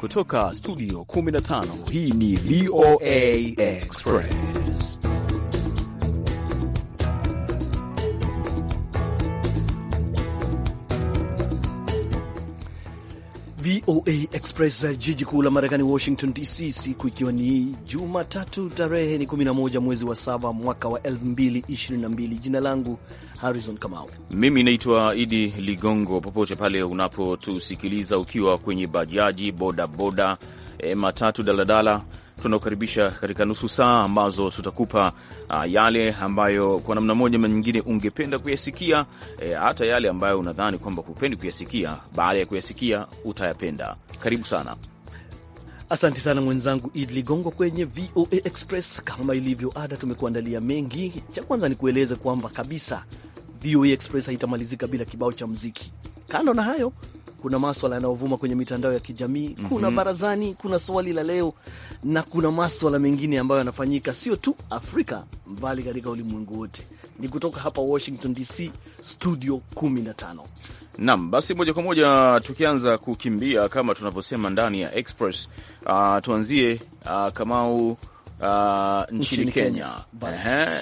Kutoka studio 15 hii ni VOA Express. VOA Express, jiji kuu la Marekani, Washington DC, siku ikiwa ni Jumatatu, tarehe ni 11 mwezi wa 7 mwaka wa 2022. Jina langu Harrison Kamau. Mimi naitwa Idi Ligongo. Popote pale unapotusikiliza ukiwa kwenye bajaji, bodaboda, e, eh, matatu, daladala tunakukaribisha katika nusu saa ambazo tutakupa uh, yale ambayo kwa namna moja ama nyingine ungependa kuyasikia, eh, hata e, yale ambayo unadhani kwamba hupendi kuyasikia, baada ya kuyasikia utayapenda. Karibu sana. Asante sana mwenzangu Id Ligongo kwenye VOA Express. Kama ilivyo ada, tumekuandalia mengi. Cha kwanza ni kueleza kwamba kabisa VOA Express haitamalizika bila kibao cha mziki. Kando na hayo kuna maswala yanayovuma kwenye mitandao ya kijamii, kuna mm -hmm. barazani, kuna swali la leo na kuna maswala mengine ambayo yanafanyika sio tu Afrika mbali katika ulimwengu wote. Ni kutoka hapa Washington DC, studio 15. nam basi moja kwa moja tukianza kukimbia kama tunavyosema ndani ya Express. Uh, tuanzie uh, Kamau uh, nchini, nchini Kenya, Kenya.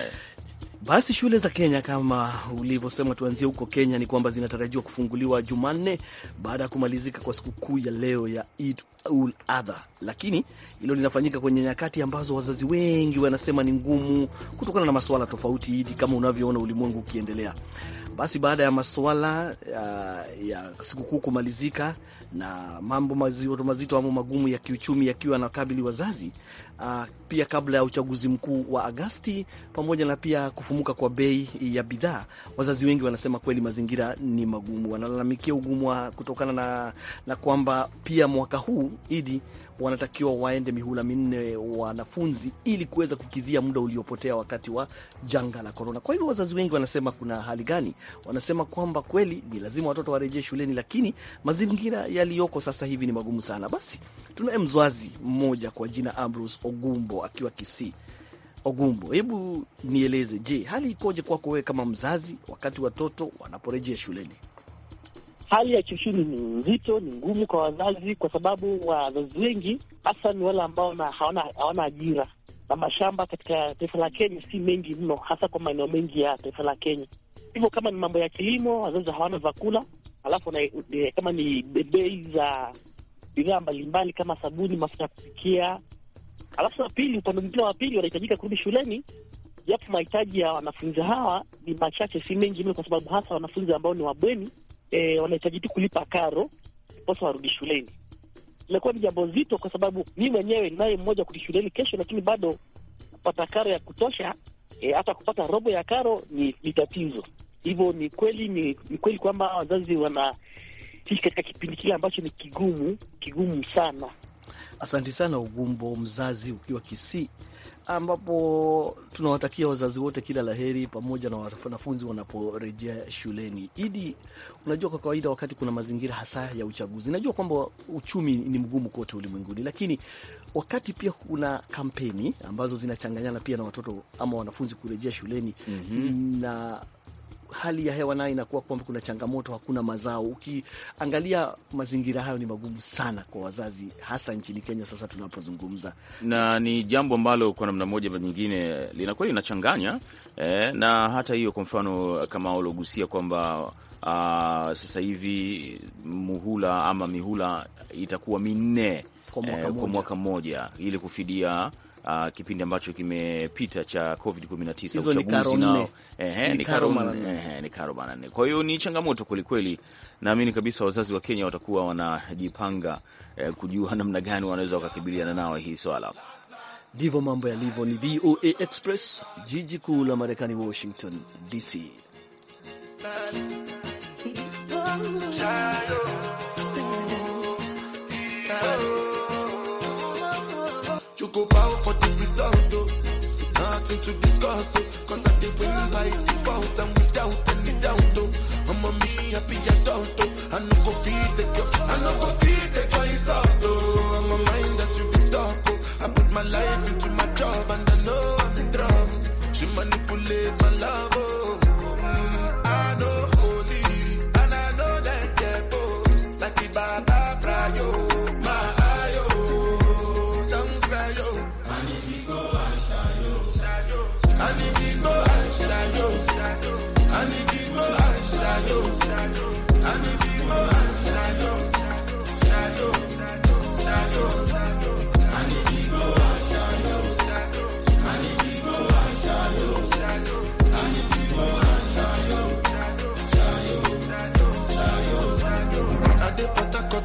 Basi shule za Kenya kama ulivyosema, tuanzie huko Kenya, ni kwamba zinatarajiwa kufunguliwa Jumanne baada ya kumalizika kwa sikukuu ya leo ya Eid ul Adha, lakini hilo linafanyika kwenye nyakati ambazo wazazi wengi wanasema ni ngumu kutokana na masuala tofauti idi, kama unavyoona ulimwengu ukiendelea. Basi baada ya masuala ya, uh, ya sikukuu kumalizika na mambo mazito mazito ama magumu ya kiuchumi yakiwa kabili wazazi uh, pia kabla ya uchaguzi mkuu wa Agasti, pamoja na pia kufumuka kwa bei ya bidhaa. Wazazi wengi wanasema kweli mazingira ni magumu, wanalalamikia ugumu kutokana na, na kwamba pia mwaka huu idi wanatakiwa waende mihula minne wanafunzi, ili kuweza kukidhia muda uliopotea wakati wa janga la korona. Kwa hivyo wazazi wengi wanasema kuna hali gani? Wanasema kwamba kweli ni lazima watoto warejee shuleni, lakini mazingira yaliyoko sasa hivi ni magumu sana. Basi tunaye mzazi mmoja kwa jina Ambrose Ogumbo akiwa Kisii. Ogumbo, hebu nieleze, je, hali ikoje kwako wewe kama mzazi wakati watoto wanaporejea shuleni? hali ya kiuchumi ni nzito, ni ngumu kwa wazazi, kwa sababu wazazi wengi hasa ni wale ambao hawana, hawana ajira na mashamba katika taifa la Kenya si mengi mno, hasa kwa maeneo mengi ya taifa la Kenya. Hivyo kama ni mambo ya kilimo, wazazi hawana vyakula, alafu na, e, kama ni bei za bidhaa mbalimbali kama sabuni, mafuta ya kupikia, alafu na pili, upande mwingine wa pili, wanahitajika kurudi shuleni, japo mahitaji ya wanafunzi hawa ni machache, si mengi mno, kwa sababu hasa wanafunzi ambao ni wabweni e, wanahitaji tu kulipa karo ndiposa warudi shuleni. Imekuwa ni jambo zito, kwa sababu mi mwenyewe ninaye mmoja kurudi shuleni kesho, lakini bado kupata karo ya kutosha e, hata kupata robo ya karo ni, ni tatizo. Hivyo ni kweli ni, ni kweli kwamba wazazi wanaishi katika kipindi kile ambacho ni kigumu kigumu sana. Asante sana Ugumbo, mzazi ukiwa Kisii ambapo tunawatakia wazazi wote kila laheri pamoja na wanafunzi wanaporejea shuleni. Idi, unajua kwa kawaida wakati kuna mazingira hasa ya uchaguzi, najua kwamba uchumi ni mgumu kote ulimwenguni, lakini wakati pia kuna kampeni ambazo zinachanganyana pia na watoto ama wanafunzi kurejea shuleni mm -hmm. na hali ya hewa nayo inakuwa kwamba kuna changamoto, hakuna mazao. Ukiangalia mazingira hayo ni magumu sana kwa wazazi, hasa nchini Kenya sasa tunapozungumza, na ni jambo ambalo kwa namna moja ama nyingine linakuwa linachanganya eh, na hata hiyo, kwa mfano kama ulogusia kwamba Uh, sasa hivi muhula ama mihula itakuwa minne kwa mwaka mmoja eh, ili kufidia uh, kipindi ambacho kimepita cha Covid 19 uchaguzi nao ni karo mara nne. Kwa hiyo ni changamoto kwelikweli. Naamini kabisa wazazi wa Kenya watakuwa wanajipanga eh, kujua namna gani wanaweza wakakabiliana nao hii swala. Ndivyo mambo yalivyo. Ni VOA Express, jiji kuu la Marekani, Washington DC. for the result, oh. Nothing to discuss, oh. Cause I did win by default and without any doubt, oh. I'm a me happy adult, oh. I no go feed the girl, I no go feed the girl, it's out, oh. I'm a mind that's you be talk, oh. I put my life into my job and I know I'm in trouble. She manipulate my love, oh. That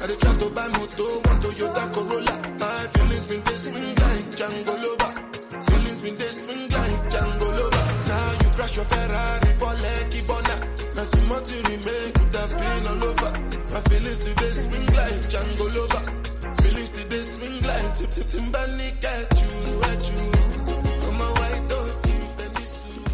I they try to buy moto, Toyota Corolla. My feelings been swing like Django Lover. Feelings been swing like Django Lover. Now you crash your Ferrari for Bona. Now you all over. My feelings today swing like Django Lover. Feelings today swing like Timbani you, you.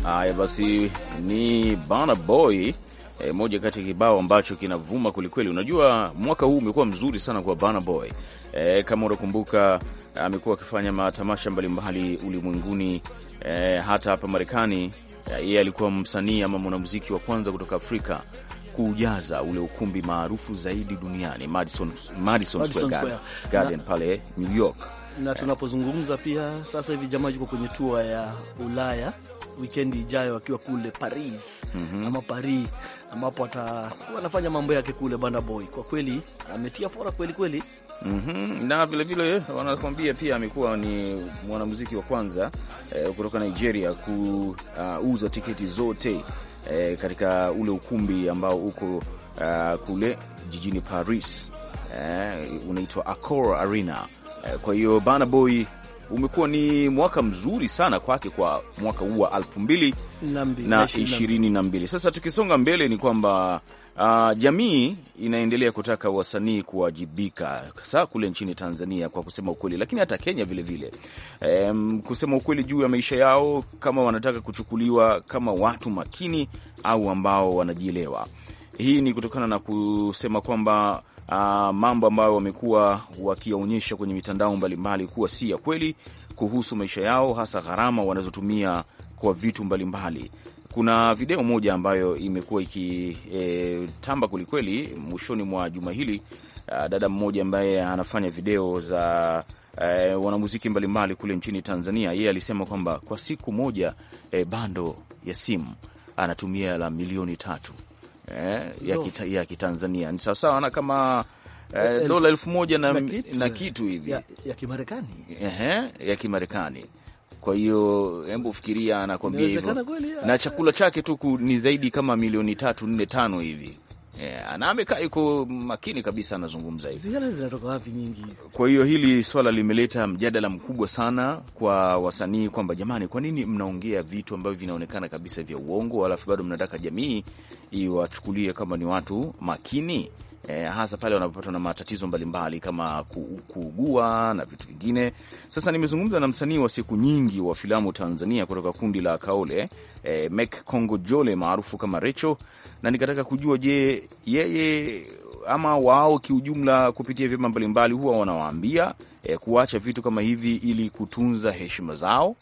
Haya basi, ni Bana Boy e, moja kati ya kibao ambacho kinavuma kwelikweli. Unajua, mwaka huu umekuwa mzuri sana kwa Burna Boy e, kama unakumbuka amekuwa akifanya matamasha mbalimbali ulimwenguni e, hata hapa Marekani. Yeye alikuwa msanii ama mwanamuziki wa kwanza kutoka Afrika kuujaza ule ukumbi maarufu zaidi duniani Madison, Madison, Madison Square Garden, Garden pale New York na tunapozungumza pia sasa hivi jamaa yuko kwenye tour ya Ulaya wikendi ijayo akiwa kule Paris mm -hmm. ama Paris ambapo atakuwa anafanya mambo yake kule. Banda Boy kwa kweli ametia fora kweli kweli. Mm -hmm. Na vilevile wanakwambia pia amekuwa ni mwanamuziki wa kwanza eh, kutoka Nigeria kuuza uh, tiketi zote eh, katika ule ukumbi ambao uko uh, kule jijini Paris eh, unaitwa Accor Arena eh, kwa hiyo banaboy Boy umekuwa ni mwaka mzuri sana kwake kwa mwaka huu wa elfu mbili na ishirini na mbili. Sasa tukisonga mbele ni kwamba Uh, jamii inaendelea kutaka wasanii kuwajibika hasa kule nchini Tanzania kwa kusema ukweli, lakini hata Kenya vilevile vile. Um, kusema ukweli juu ya maisha yao, kama wanataka kuchukuliwa kama watu makini au ambao wanajielewa. Hii ni kutokana na kusema kwamba uh, mambo ambayo wamekuwa wakiyaonyesha kwenye mitandao mbalimbali kuwa si ya kweli kuhusu maisha yao, hasa gharama wanazotumia kwa vitu mbalimbali mbali. Kuna video moja ambayo imekuwa ikitamba e, kwelikweli mwishoni mwa juma hili uh, dada mmoja ambaye anafanya video za E, wanamuziki mbalimbali kule nchini Tanzania, yeye alisema kwamba kwa siku moja e, bando ya simu anatumia la milioni tatu eh, ya, kita, ya Kitanzania ni sawasawa na kama eh, eh dola elfu moja na, na kitu hivi ya, ya Kimarekani eh, ya Kimarekani. Kwa hiyo hebu fikiria, anakwambia hivyo na chakula chake tu ni zaidi kama milioni tatu nne tano hivi Yeah, na amekaa yuko makini kabisa anazungumza hivi. zinatoka wapi nyingi? Kwa hiyo hili swala limeleta mjadala mkubwa sana kwa wasanii kwamba jamani, kwa nini mnaongea vitu ambavyo vinaonekana kabisa vya uongo, alafu bado mnataka jamii iwachukulie kama ni watu makini? eh, hasa pale wanapopatwa na matatizo mbalimbali kama kuugua na vitu vingine. Sasa nimezungumza na msanii wa siku nyingi wa filamu Tanzania kutoka kundi la Kaole eh, Mek Kongo Jole maarufu kama Recho, na nikataka kujua je, yeye ama wao kiujumla kupitia vyama mbalimbali huwa wanawaambia eh, kuacha vitu kama hivi ili kutunza heshima zao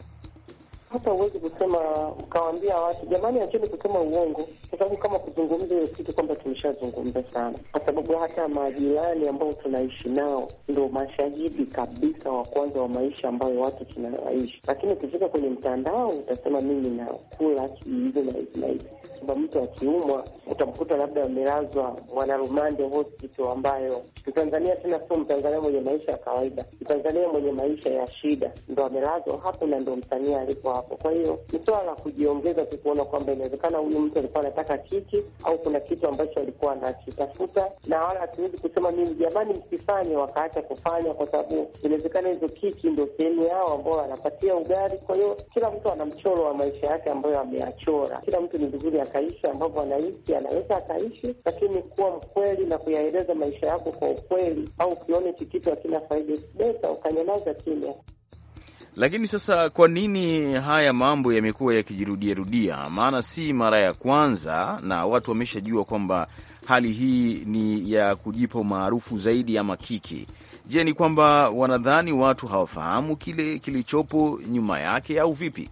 hata huwezi kusema ukawaambia watu jamani, acheni kusema uongo, kwa sababu kama kuzungumza hiyo kitu kwamba tulishazungumza sana, kwa sababu hata majirani ambao tunaishi nao ndo mashahidi kabisa wa kwanza wa maisha ambayo watu tunaishi, lakini ukifika kwenye mtandao utasema mimi nakula hivi na hivi na hivi kwamba mtu akiumwa utamkuta labda amelazwa mwanarumande hospital, ambayo kitanzania tena sio Mtanzania mwenye maisha ya kawaida, Mtanzania mwenye maisha ya shida ndo amelazwa hapo na ndo msanii alipo hapo. Kwa hiyo ni swala la kujiongeza tu kuona kwamba inawezekana huyu mtu alikuwa anataka kiki au kuna kitu ambacho alikuwa anakitafuta, na wala hatuwezi kusema mimi jamani, msifanye wakaacha kufanya, kwa sababu inawezekana hizo kiki ndo sehemu yao ambao anapatia ugali. Kwa hiyo kila mtu ana mchoro wa maisha yake ambayo ameyachora, kila mtu ni vizuri akaishi ambavyo anaishi, anaweza akaishi, lakini kuwa mkweli na kuyaeleza maisha yako kwa ukweli, au ukiona hichi kitu hakina faida, besa ukanyamaza kimya. Lakini sasa kwa nini haya mambo yamekuwa yakijirudiarudia? Maana si mara ya kwanza, na watu wameshajua kwamba hali hii ni ya kujipa umaarufu zaidi ama kiki. Je, ni kwamba wanadhani watu hawafahamu kile kilichopo nyuma yake au vipi?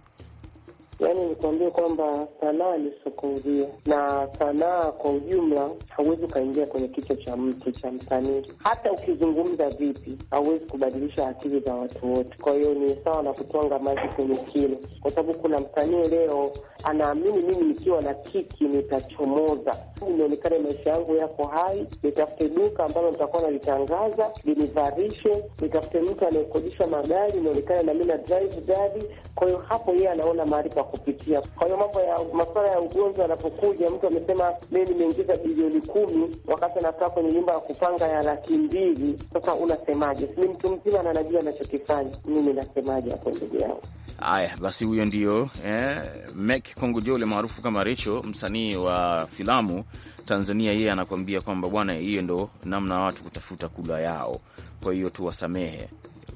Yaani nikuambie kwamba sanaa ni sokouzia, na sanaa kwa ujumla hauwezi ukaingia kwenye kichwa cha mtu cha msanii. Hata ukizungumza vipi, hauwezi kubadilisha akili za watu wote. Kwa hiyo ni sawa na kutwanga maji kwenye kilo, kwa sababu kuna msanii leo anaamini mimi nikiwa na kiki nitachomoza, inaonekana maisha yangu yako hai, nitafute duka ambalo nitakuwa nalitangaza linivarishe, nitafute mtu anayekodisha magari, inaonekana na mi na drive gari. Kwa hiyo hapo yeye anaona mahali pa kupitia. Kwa hiyo mambo ya masuala ya ugonjwa yanapokuja, mtu amesema mimi nimeingiza bilioni kumi wakati anakaa kwenye nyumba ya kupanga ya laki mbili. Sasa unasemaje? Ni mtu mzima na anajua anachokifanya, mimi nasemaje hapo, ndugu yangu? Haya basi, huyo ndio eh, Mek Kongojole maarufu kama Recho, msanii wa filamu Tanzania. Yeye anakuambia kwamba bwana, hiyo ndo namna watu kutafuta kula yao, kwa hiyo tuwasamehe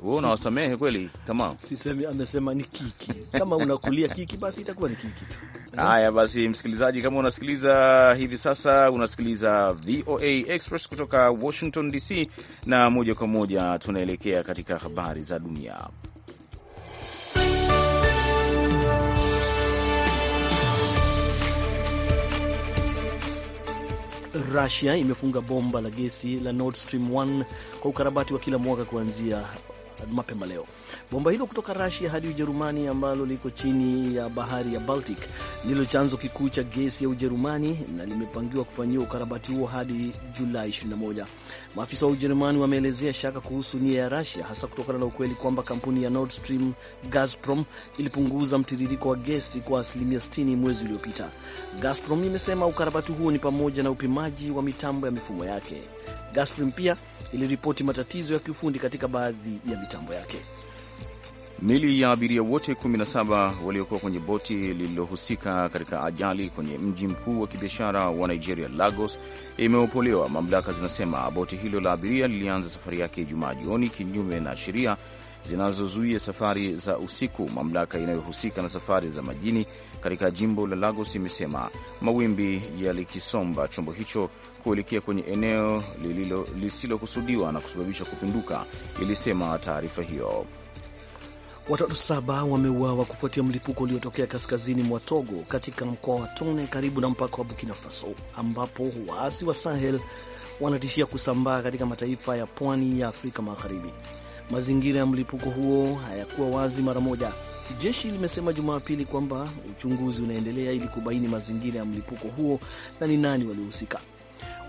wewe unawasamehe kweli? Kama sisemi amesema ni kiki, kama unakulia kiki basi itakuwa ni kiki. Haya basi, msikilizaji, kama unasikiliza hivi sasa, unasikiliza VOA Express kutoka Washington DC, na moja kwa moja tunaelekea katika habari za dunia. Rusia imefunga bomba la gesi la Nord Stream 1 kwa ukarabati wa kila mwaka kuanzia mapema leo. Bomba hilo kutoka Rasia hadi Ujerumani ambalo liko chini ya bahari ya Baltic ndilo chanzo kikuu cha gesi ya Ujerumani na limepangiwa kufanyiwa ukarabati huo hadi Julai 21. Maafisa wa Ujerumani wameelezea shaka kuhusu nia ya Rasia, hasa kutokana na ukweli kwamba kampuni ya Nord Stream Gazprom ilipunguza mtiririko wa gesi kwa asilimia 60 mwezi uliopita. Gazprom imesema ukarabati huo ni pamoja na upimaji wa mitambo ya mifumo yake. Gazprom pia iliripoti matatizo ya kiufundi katika baadhi ya mitambo yake. Mili ya abiria wote 17 waliokuwa kwenye boti lililohusika katika ajali kwenye mji mkuu wa kibiashara wa Nigeria, Lagos, imeopolewa. Mamlaka zinasema boti hilo la abiria lilianza safari yake Ijumaa jioni kinyume na sheria zinazozuia safari za usiku. Mamlaka inayohusika na safari za majini katika jimbo la Lagos imesema mawimbi yalikisomba chombo hicho kuelekea kwenye eneo lisilokusudiwa na kusababisha kupinduka, ilisema taarifa hiyo. Watoto saba wameuawa kufuatia mlipuko uliotokea kaskazini mwa Togo katika mkoa wa Tone karibu na mpaka wa Burkina Faso, ambapo waasi wa Sahel wanatishia kusambaa katika mataifa ya pwani ya Afrika Magharibi. Mazingira ya mlipuko huo hayakuwa wazi mara moja. Jeshi limesema Jumapili kwamba uchunguzi unaendelea ili kubaini mazingira ya mlipuko huo na ni nani waliohusika.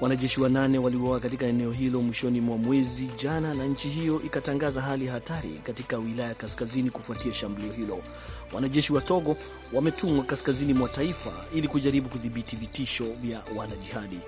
Wanajeshi wanane waliuawa katika eneo hilo mwishoni mwa mwezi jana, na nchi hiyo ikatangaza hali hatari katika wilaya kaskazini kufuatia shambulio hilo. Wanajeshi wa Togo wametumwa kaskazini mwa taifa ili kujaribu kudhibiti vitisho vya wanajihadi.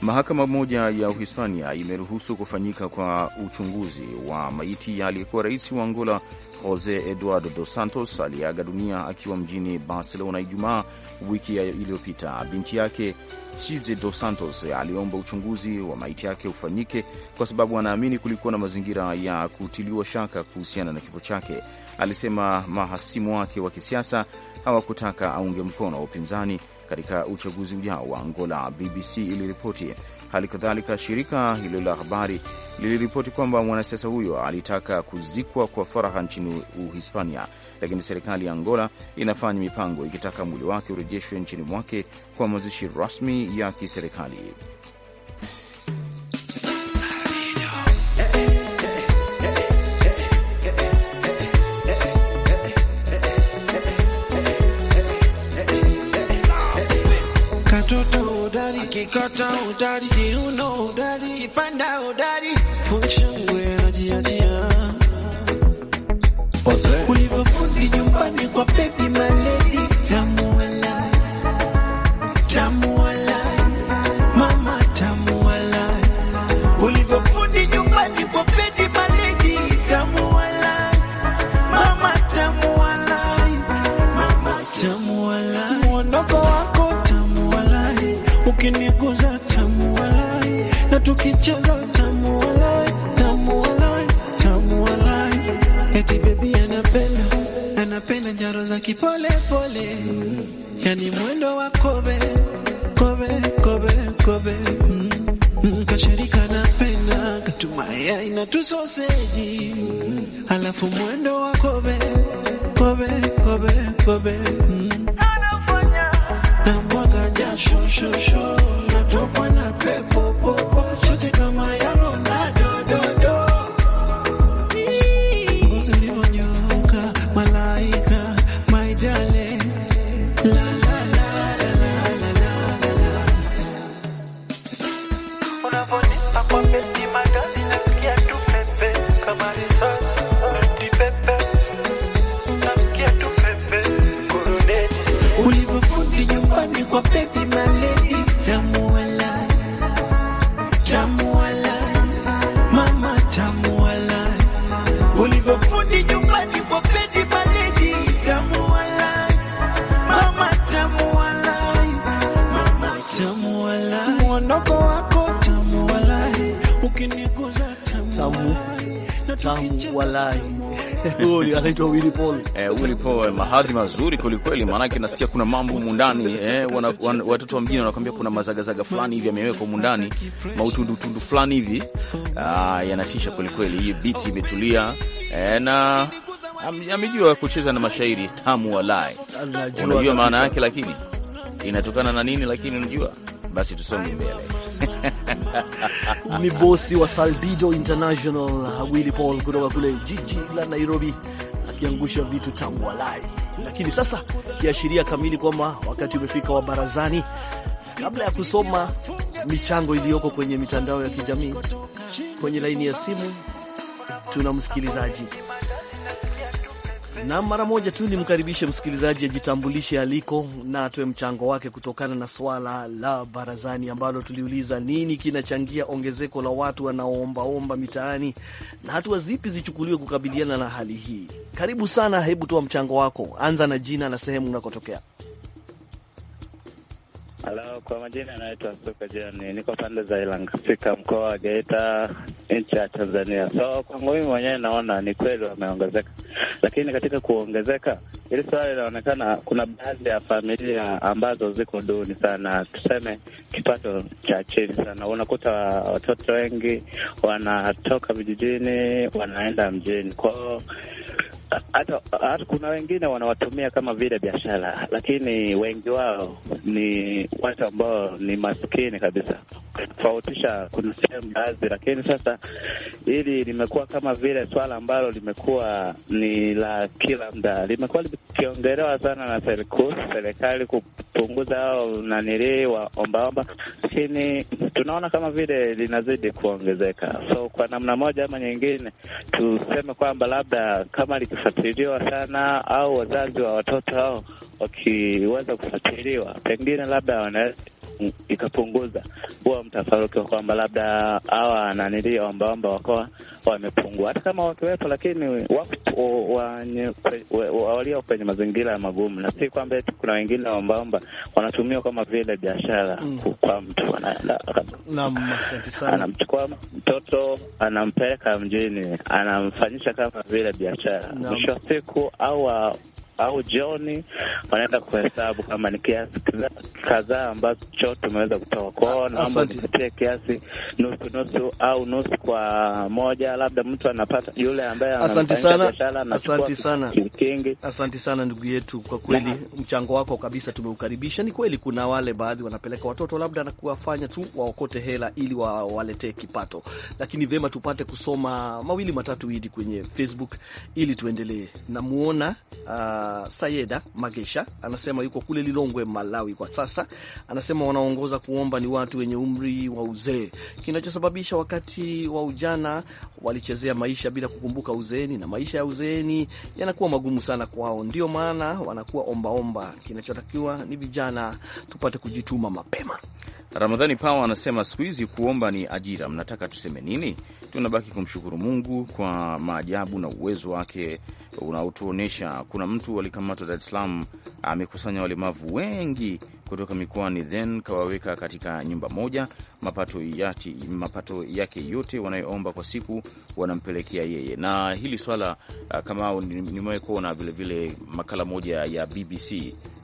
Mahakama moja ya Uhispania imeruhusu kufanyika kwa uchunguzi wa maiti ya aliyekuwa rais wa Angola Jose Eduardo Dos Santos aliyeaga dunia akiwa mjini Barcelona Ijumaa wiki iliyopita. Binti yake Chize Dos Santos aliomba uchunguzi wa maiti yake ufanyike kwa sababu anaamini kulikuwa na mazingira ya kutiliwa shaka kuhusiana na kifo chake. Alisema mahasimu wake wa kisiasa hawakutaka aunge mkono wa upinzani katika uchaguzi ujao wa Angola, BBC iliripoti. Hali kadhalika shirika hilo la habari liliripoti kwamba mwanasiasa huyo alitaka kuzikwa kwa faraha nchini Uhispania, lakini serikali ya Angola inafanya mipango ikitaka mwili wake urejeshwe nchini mwake kwa mazishi rasmi ya kiserikali. hodari, kikata hodari, kiuno hodari, kipanda hodari, funshangwe anajiachia ulivyofundi nyumbani kwa baby maledi tamu wala tamu ukicheza tamu walai, tamu walai, tamu walai. Eti baby anapenda, anapenda njaro za kipole pole. Yani mwendo wa kobe, kobe, kobe, kobe. Mm, mm, anapenda, katumaya tusoseji Alafu mwendo wa kobe, kobe, kobe, kobe. huyo anaitwa Willy Paul. Eh, Willy Paul mahadhi mazuri kweli kweli, maanake nasikia kuna mambo mundani eh, wana, watoto wa mjini wanakwambia kuna mazagazaga fulani hivi yamewekwa mundani, mautundutundu fulani hivi ah, yanatisha kweli kweli. Hii beat imetulia eh, na amejua kucheza na mashairi tamu walai, unajua maana yake, lakini inatokana na nini, lakini unajua basi tusonge mbele. ni bosi wa Saldido International Willy Paul kutoka kule jiji la Nairobi, akiangusha vitu tangu walai, lakini sasa kiashiria kamili kwamba wakati umefika wa barazani. Kabla ya kusoma michango iliyoko kwenye mitandao ya kijamii, kwenye laini ya simu tuna msikilizaji na mara moja tu nimkaribishe msikilizaji ajitambulishe aliko na atoe mchango wake kutokana na swala la barazani ambalo tuliuliza nini kinachangia ongezeko la watu wanaoombaomba mitaani na hatua zipi zichukuliwe kukabiliana na hali hii. Karibu sana, hebu toa mchango wako, anza na jina na sehemu unakotokea. Halo, kwa majina anaitwa Suka Jani, niko pande za Sika, mkoa wa Geita, nchi ya Tanzania. So kwangu mimi mwenyewe naona ni kweli wameongezeka, lakini katika kuongezeka hili swali linaonekana kuna baadhi ya familia ambazo ziko duni sana, tuseme kipato cha chini sana. Unakuta watoto wengi wanatoka vijijini wanaenda mjini kwao hata kuna wengine wanawatumia kama vile biashara, lakini wengi wao ni watu ambao ni maskini kabisa. Tofautisha kuna sehemu baadhi, lakini sasa hili limekuwa kama vile swala ambalo limekuwa ni la kila mda, limekuwa likiongelewa sana na serikali kupunguza au nanilii waombaomba, lakini tunaona kama vile linazidi kuongezeka. So kwa namna moja ama nyingine tuseme kwamba labda kama liki kufuatiliwa sana, au wazazi wa watoto hao wakiweza kufuatiliwa, pengine labda wanaweza ikapunguza huwa mtafaruki wa kwamba labda hawa nanili wambaomba wakoa wamepungua, hata kama wakiwepo, lakini walio kwenye mazingira ya magumu, na si kwamba kuna wengine wambaomba wanatumia kama vile biashara mm. Kwa mtu anamchukua mtoto anampeleka mjini anamfanyisha kama vile biashara, mwisho wa siku au au jioni, wanaenda kuhesabu kama ni kiasi kadhaa ambacho tumeweza kutoa kwao. Naomba nipatie kiasi nusu nusu au nusu kwa moja, labda mtu anapata yule ambaye anafanya biashara asante sana, sana ndugu yetu, kwa kweli mchango wako kabisa tumeukaribisha. Ni kweli kuna wale baadhi wanapeleka watoto labda na kuwafanya tu waokote hela ili wawaletee kipato, lakini vyema tupate kusoma mawili matatu hidi kwenye Facebook ili tuendelee. Namuona uh, Sayeda Magesha anasema yuko kule Lilongwe, Malawi kwa sasa. Anasema wanaongoza kuomba ni watu wenye umri wa uzee, kinachosababisha wakati wa ujana walichezea maisha bila kukumbuka uzeeni, na maisha ya uzeeni yanakuwa magumu sana kwao, ndio maana wanakuwa ombaomba. Kinachotakiwa ni vijana tupate kujituma mapema. Ramadhani Pawa anasema siku hizi kuomba ni ajira, mnataka tuseme nini? Tunabaki kumshukuru Mungu kwa maajabu na uwezo wake unaotuonyesha. Kuna mtu alikamatwa Dar es Salaam, amekusanya walemavu wengi kutoka mikoani, then kawaweka katika nyumba moja. Mapato, yati, mapato yake yote wanayoomba kwa siku wanampelekea yeye. Na hili swala uh, kama nimewahi kuona vilevile makala moja ya BBC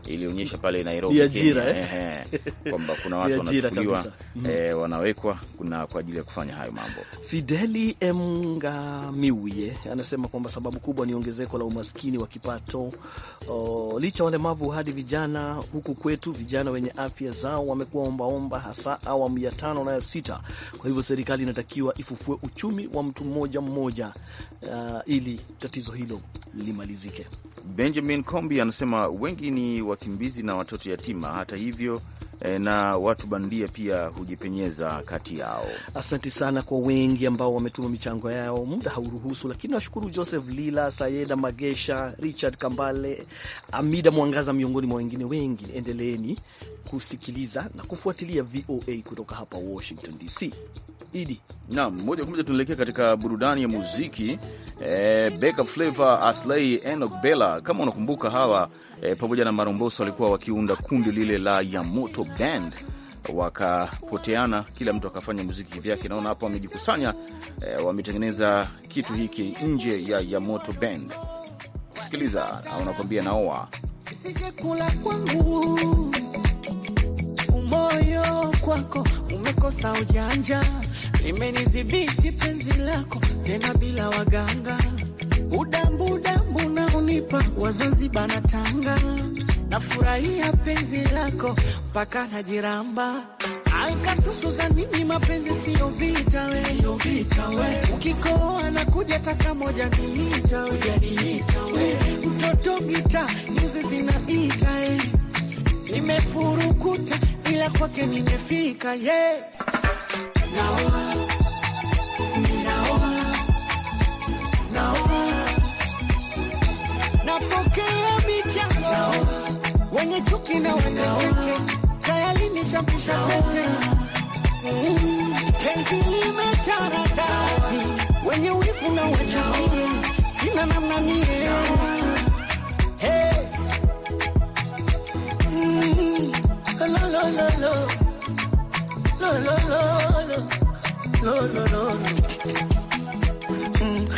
ilionyesha pale Nairobi Kenya, eh, kwamba kuna watu wanachukuliwa mm-hmm. eh, wanawekwa kuna kwa ajili ya kufanya hayo mambo. Fideli Mngamiwe anasema kwamba sababu kubwa ni ongezeko la umaskini wa kipato o, licha walemavu hadi vijana huku kwetu, vijana wenye afya zao wamekuwa ombaomba, hasa awamu ya tano na ya sita. Kwa hivyo serikali inatakiwa ifufue uchumi wa mtu mmoja mmoja, uh, ili tatizo hilo limalizike. Benjamin Kombi anasema wengi ni wakimbizi na watoto yatima. Hata hivyo eh, na watu bandia pia hujipenyeza kati yao. Asante sana kwa wengi ambao wametuma michango yao, muda hauruhusu, lakini nashukuru Joseph Lila, Sayeda Magesha, Richard Kambale, Amida Mwangaza, miongoni mwa wengine wengi. Endeleeni kusikiliza na kufuatilia VOA kutoka hapa Washington DC. Idi nam moja kwa moja tunaelekea katika burudani ya muziki e, eh, Beka Flava, Aslay, Enoch Bella. Kama unakumbuka hawa e, pamoja na Marombosa walikuwa wakiunda kundi lile la Yamoto Band, wakapoteana, kila mtu akafanya muziki vyake. Naona hapa wamejikusanya, e, wametengeneza kitu hiki nje ya Yamoto Band. Sikiliza, unakwambia naoa kwangu umoyo kwako umekosa ujanja imenidhibiti penzi lako tena bila waganga, udambu dambu na unipa Wazanzibar na Tanga, nafurahia penzi lako mpaka najiramba Kasusu za nini? Mapenzi sio vita we, ukikoa na kuja taka moja niita we, mtoto gita nyuzi zinaita e, nimefurukuta ila kwake nimefika ye yeah. wenye chuki na wenye chuki tayari nishampusha pete penzi limetaradadi wenye wivu na wachukii sina namna mie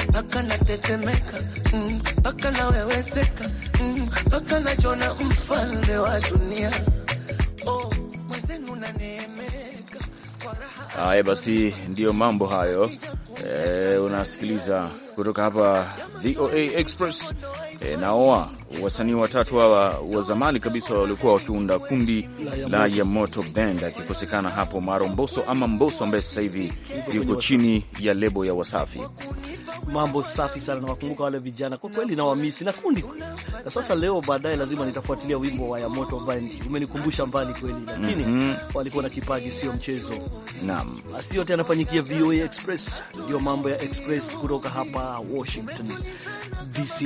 mpaka mm-hmm. mm-hmm. natetemeka mpaka mm-hmm. naweweseka mpaka najona mfalme wa dunia. Oh, Haya basi, ndiyo mambo hayo. E, unasikiliza kutoka hapa VOA Express. E, naoa wasanii watatu hawa wa zamani kabisa waliokuwa wakiunda kundi la Yamoto Band, akikosekana hapo Maro Mboso ama Mboso ambaye sasa hivi yuko chini ya lebo ya Wasafi. Mambo safi sana, nawakumbuka wale vijana kwa kweli, nawamisi na kundi. Na sasa leo baadaye lazima nitafuatilia wimbo wa Yamoto Band, umenikumbusha mbali kweli, lakini mm -hmm. walikuwa na kipaji, sio mchezo. Naam, basi yote anafanyikia VOA Express, ndio mambo ya Express kutoka hapa Washington DC.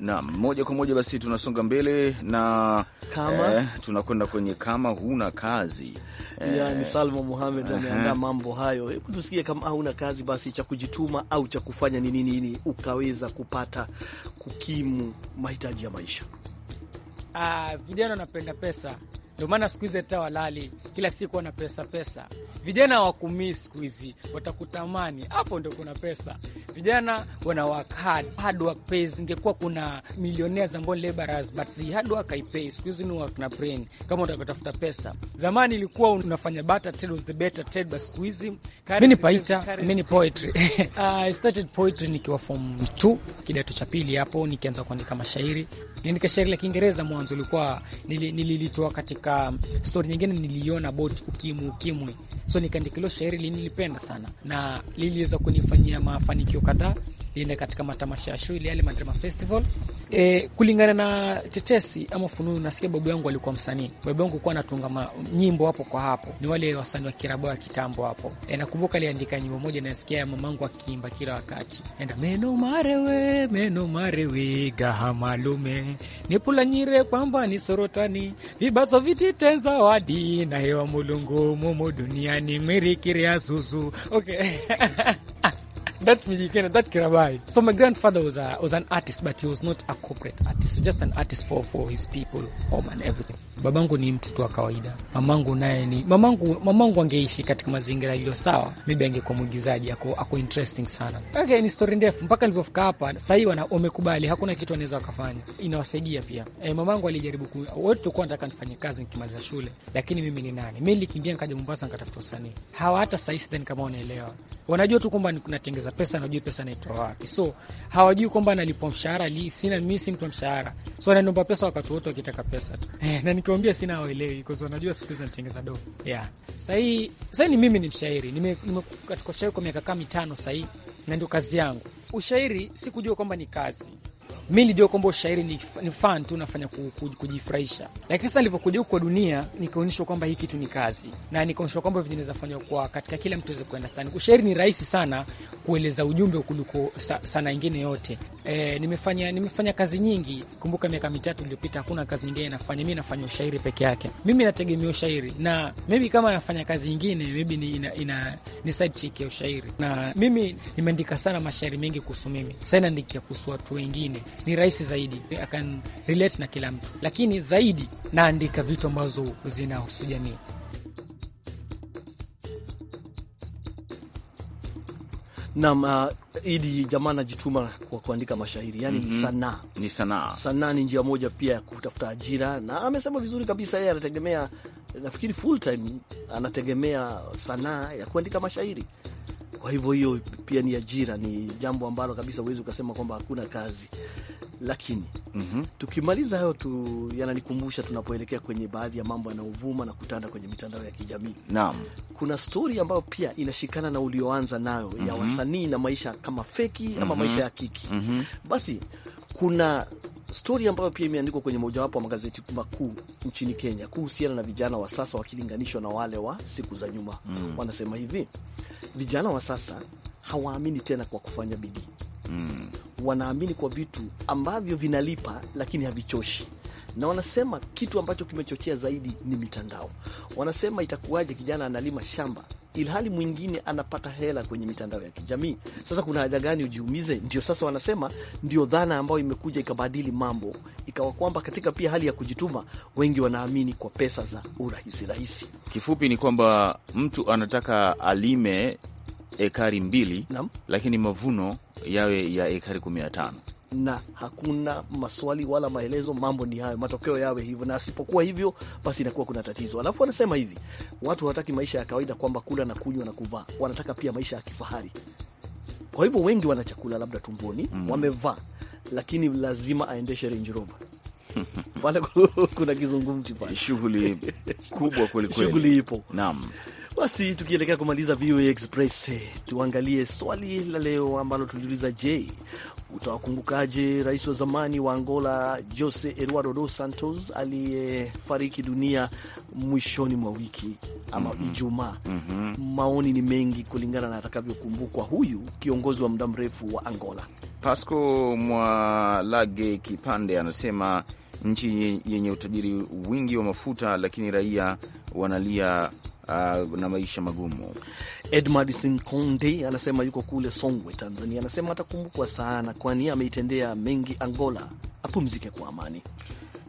Naam, moja kwa moja basi tunasonga mbele na kama eh, tunakwenda kwenye kama huna kazi eh, yani Salma Muhamed ameandaa mambo hayo. Hebu tusikie kama hauna kazi, basi cha kujituma au cha kufanya ni nini nini ukaweza kupata kukimu mahitaji ya maisha. Ah, vijana wanapenda pesa, ndio maana siku hizi hata walali kila siku wana pesa pesa. Vijana wakumii siku hizi, watakutamani hapo, ndio kuna pesa vijana wana work hard, hard work pays. Ingekuwa kuna millionaires ambao laborers but the hard work I pay. Siku hizi ni work na brain, kama utakayotafuta pesa. Zamani ilikuwa unafanya barter trade was the better trade, but siku hizi mimi ni paita, mimi ni poetry uh, I started poetry nikiwa form 2 kidato cha pili, hapo nikianza kuandika mashairi. Niliandika shairi la Kiingereza mwanzo, ilikuwa nililitoa katika um, story nyingine niliona bot ukimwi ukimwi, so nikaandika hilo shairi linilipenda sana na liliweza kunifanyia mafanikio kadhaa liende katika matamasha ya shule yale Madrama Festival. E, kulingana na tetesi ama fununu, nasikia babu yangu alikuwa msanii. Babu yangu kuwa anatunga nyimbo hapo kwa hapo, ni wale wasanii wa wa kitambo hapo. E, nakumbuka aliandika nyimbo moja, nasikia ya mamangu akiimba kila wakati, enda meno marewe meno marewe gahamalume nyire kwamba ni sorotani vibazo vititenza wadi na hewa mulungu mumu duniani ya mwirikiriasusu okay. that Mijikenda, that Kirabai. So my grandfather was a, was an artist, but he was not a corporate artist. Just an artist for, for his people, home and everything. Babangu ni mtoto wa kawaida, mamangu naye ni mamangu. Mamangu angeishi katika mazingira yaliyo sawa, maybe angekuwa mwigizaji, ako, ako interesting sana. Okay, ni stori ndefu mpaka nilivyofika hapa sahii, wamekubali hakuna kitu anaweza wakafanya, inawasaidia pia. E, mamangu alijaribu ku wote, tulikuwa nataka nifanye kazi nikimaliza shule, lakini mimi ni nani? Mi nilikimbia nikaja Mombasa nikatafuta usanii. Hawa hata sahii sidhani kama wanaelewa, wanajua tu kwamba natengeza pesa, najua pesa naitoa wapi, so hawajui kwamba nalipwa mshahara li sina, mi si mtu wa mshahara, so wananiomba pesa wakati wote wakitaka pesa tu e, na ukiwambia sina waelewi, kwa sababu najua siku hizi natengeneza do. Yeah. Sasa hii sasa ni mimi ni mshairi. Nime, katika ushairi kwa miaka kama mitano sasa hii na ndio kazi yangu. Ushairi sikujua kwamba ni kazi. Mimi nilijua kwamba ushairi ni, ni fan tu nafanya kujifurahisha. Lakini sasa nilipokuja huko kwa dunia nikaonyeshwa kwamba hii kitu ni kazi na nikaonyeshwa kwamba vile inaweza fanywa kwa katika kila mtu aweze kuunderstand. Ushairi ni rahisi sana kueleza ujumbe kuliko sana ingine yote. E, nimefanya nimefanya kazi nyingi. Kumbuka miaka mitatu iliyopita hakuna kazi nyingine nafanya mi nafanya ushairi peke yake. Mimi nategemea ushairi na maybe kama nafanya kazi nyingine maybe ni, ina, ina, ni side chick ya ushairi, na mimi nimeandika sana mashairi mengi kuhusu mimi, sasa kuhusu watu wengine, ni rahisi zaidi, I can relate na kila mtu, lakini zaidi naandika vitu ambazo zinahusu jamii. na uh, ah, Idi jamaa anajituma kwa kuandika mashairi yani, mm -hmm. Sanaa ni sanaa, sanaa ni njia moja pia ya kutafuta ajira, na amesema vizuri kabisa, yeye anategemea, nafikiri full time anategemea sanaa ya kuandika mashairi. Kwa hivyo hiyo pia ni ajira, ni jambo ambalo kabisa huwezi ukasema kwamba hakuna kazi lakini mm -hmm. Tukimaliza hayo tu, yananikumbusha tunapoelekea kwenye baadhi ya mambo yanayovuma na kutanda kwenye mitandao ya kijamii naam. Kuna stori ambayo pia inashikana na ulioanza nayo mm -hmm. ya mhm. wasanii na maisha kama feki mm -hmm. ama mhm. maisha ya kiki mm -hmm. Basi kuna stori ambayo pia imeandikwa kwenye mojawapo wa magazeti makuu nchini Kenya kuhusiana na vijana wa sasa wakilinganishwa na wale wa siku za nyuma mm. Wanasema hivi, vijana wa sasa hawaamini tena kwa kufanya bidii mm. Wanaamini kwa vitu ambavyo vinalipa lakini havichoshi na wanasema kitu ambacho kimechochea zaidi ni mitandao. Wanasema itakuwaje kijana analima shamba ilhali mwingine anapata hela kwenye mitandao ya kijamii. Sasa kuna haja gani ujiumize? Ndio sasa wanasema ndio dhana ambayo imekuja ikabadili mambo, ikawa kwamba katika pia hali ya kujituma, wengi wanaamini kwa pesa za urahisi rahisi. Kifupi ni kwamba mtu anataka alime ekari mbili na, lakini mavuno yawe ya ekari kumi na tano na hakuna maswali wala maelezo. Mambo ni hayo, matokeo yawe hivyo, na asipokuwa hivyo, basi inakuwa kuna tatizo. Alafu wanasema hivi, watu hawataki maisha ya kawaida, kwamba kula na kunywa na kuvaa, wanataka pia maisha ya kifahari. Kwa hivyo wengi wana chakula labda tumboni, mm, wamevaa, lakini lazima aendeshe Range Rover pale kuna kizungumti pale, shughuli kubwa kwelikweli, shughuli ipo. Naam. Basi tukielekea kumaliza VOA Express, eh, tuangalie swali la leo ambalo tuliuliza: Je, utawakumbukaje rais wa zamani wa Angola Jose Eduardo dos Santos aliyefariki dunia mwishoni mwa wiki ama mm -hmm. Ijumaa mm -hmm. Maoni ni mengi kulingana na atakavyokumbukwa huyu kiongozi wa muda mrefu wa Angola. Pasco Mwalage Kipande anasema nchi yenye utajiri wingi wa mafuta, lakini raia wanalia uh, na maisha magumu. Edmard Sinkonde anasema yuko kule Songwe, Tanzania. Anasema atakumbukwa sana, kwani ameitendea mengi Angola. Apumzike kwa amani.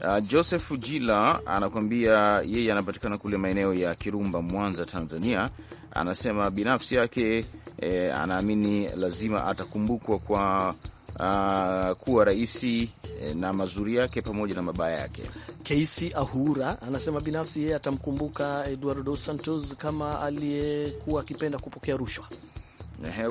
Uh, Joseph Jila anakuambia yeye anapatikana kule maeneo ya Kirumba, Mwanza, Tanzania. Anasema binafsi yake eh, anaamini lazima atakumbukwa kwa Uh, kuwa raisi eh, na mazuri yake pamoja na mabaya yake. Keisi Ahura anasema binafsi yeye atamkumbuka Eduardo Dos Santos kama aliyekuwa akipenda kupokea rushwa.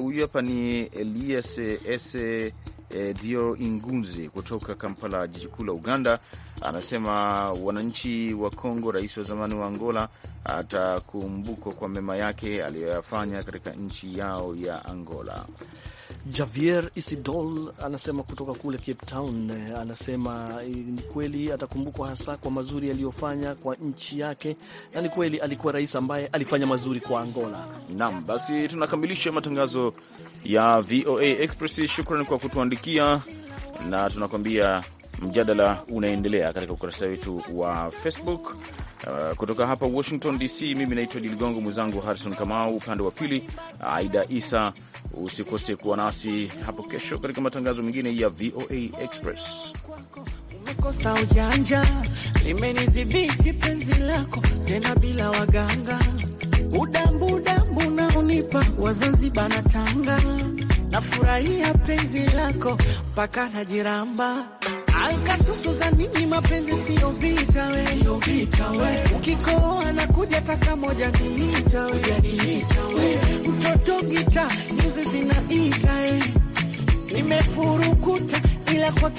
Huyu hapa ni Elias Ese E, eh, Dio Ingunzi kutoka Kampala, jiji kuu la Uganda, anasema wananchi wa Kongo, rais wa zamani wa Angola atakumbukwa kwa mema yake aliyoyafanya katika nchi yao ya Angola. Javier Isidol anasema kutoka kule Cape Town, eh, anasema eh, ni kweli atakumbukwa hasa kwa mazuri aliyofanya kwa nchi yake, na ni kweli alikuwa rais ambaye alifanya mazuri kwa Angola. Naam, basi tunakamilisha matangazo ya VOA Express. Shukrani kwa kutuandikia, na tunakuambia mjadala unaendelea katika ukurasa wetu wa Facebook. Uh, kutoka hapa Washington DC, mimi naitwa diligongo mwenzangu Harrison Kamau, upande wa pili Aida Isa Usikose kuwa nasi hapo kesho katika matangazo mengine ya VOA Express. Umekosa ujanja, limenidhibiti penzi lako tena bila waganga, udambudambu naonipa Wazanzibar na Tanga, nafurahia penzi lako mpaka najiramba Alkasusu za nini? Mapenzi siyo vita we, ukikoa na kuja taka moja, niita we mtoto gita sina ita nimefurukuta ila kwa